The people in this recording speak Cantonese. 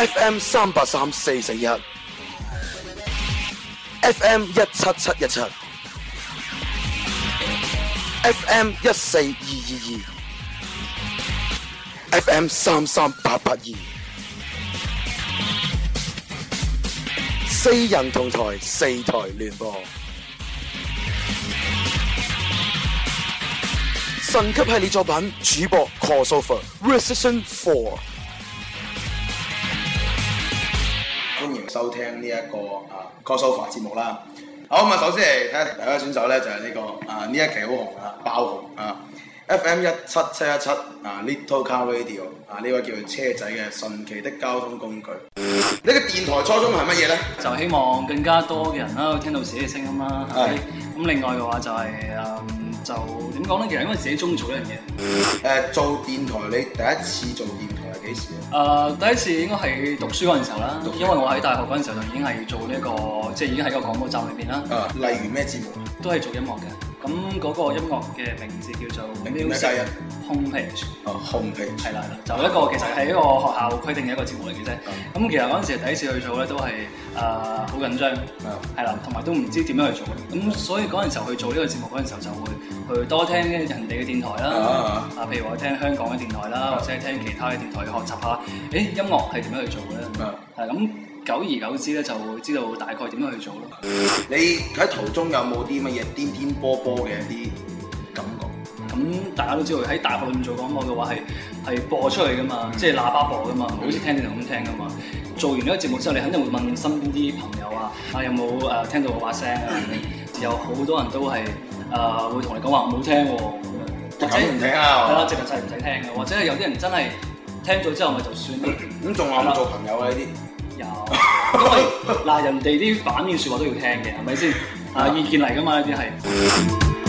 FM 三八三四四一，FM 一七七一七，FM 一四二二二，FM 三三八八二，四人同台，四台聯播，神級系列作品，主播 Crossover Reception Four。收聽呢一個啊 call sofa 節目啦，好，咁啊，首先嚟睇下大家選手咧，這個，就係呢個啊呢一期好紅，包紅啊爆紅啊 FM 一七七一七啊 little car radio 啊呢位，這個，叫做車仔嘅神奇的交通工具，呢 個電台初衷係乜嘢咧？就希望更加多嘅人啦，啊，會聽到自己嘅聲音啦，係咁另外嘅話就係、是、啊。嗯就點講咧？其實因為自己中意做一樣嘢。誒，做電台你第一次做電台係幾時啊？誒，第一次應該係讀書嗰陣時候啦。因為我喺大學嗰陣時候就已經係做呢個，即係已經喺個廣播站裏邊啦。誒，例如咩節目啊？都係做音樂嘅。咁嗰個音樂嘅名字叫做《Music Homepage》。啊，home page,、oh, Home page.。係啦，就一個其實係一個學校規定嘅一個節目嚟嘅啫。咁、uh. 其實嗰陣時第一次去做咧，都係啊好緊張，係啦、uh.，同埋都唔知點樣去做嘅。咁、uh. 所以嗰陣時候去做呢個節目嗰陣時候就會去多聽人哋嘅電台啦，啊，譬如話聽香港嘅電台啦，uh. 或者聽其他嘅電台學習下，誒音樂係點樣去做嘅？係咁、uh.。久而久之咧，就會知道大概點樣去做咯。你喺途中有冇啲乜嘢顛顛波波嘅啲感覺？咁、嗯、大家都知道喺大學裏面做廣播嘅話係係播出嚟噶嘛，即係喇叭播噶嘛，唔好似聽聽同咁聽噶嘛。做完呢個節目之後，你肯定會問身邊啲朋友啊，啊有冇誒、啊、聽到我把聲啊，、嗯、啊？有好多人都係誒、啊、會同你講話唔好聽喎、哦，即係唔聽啊，即係唔使唔使聽嘅，或者係有啲人真係聽咗之後咪就算咯。咁仲話唔做朋友啊呢啲.？ 有，咁啊嗱，人哋啲反面説話都要聽嘅，係咪先？ 啊，意見嚟㗎嘛，呢啲係。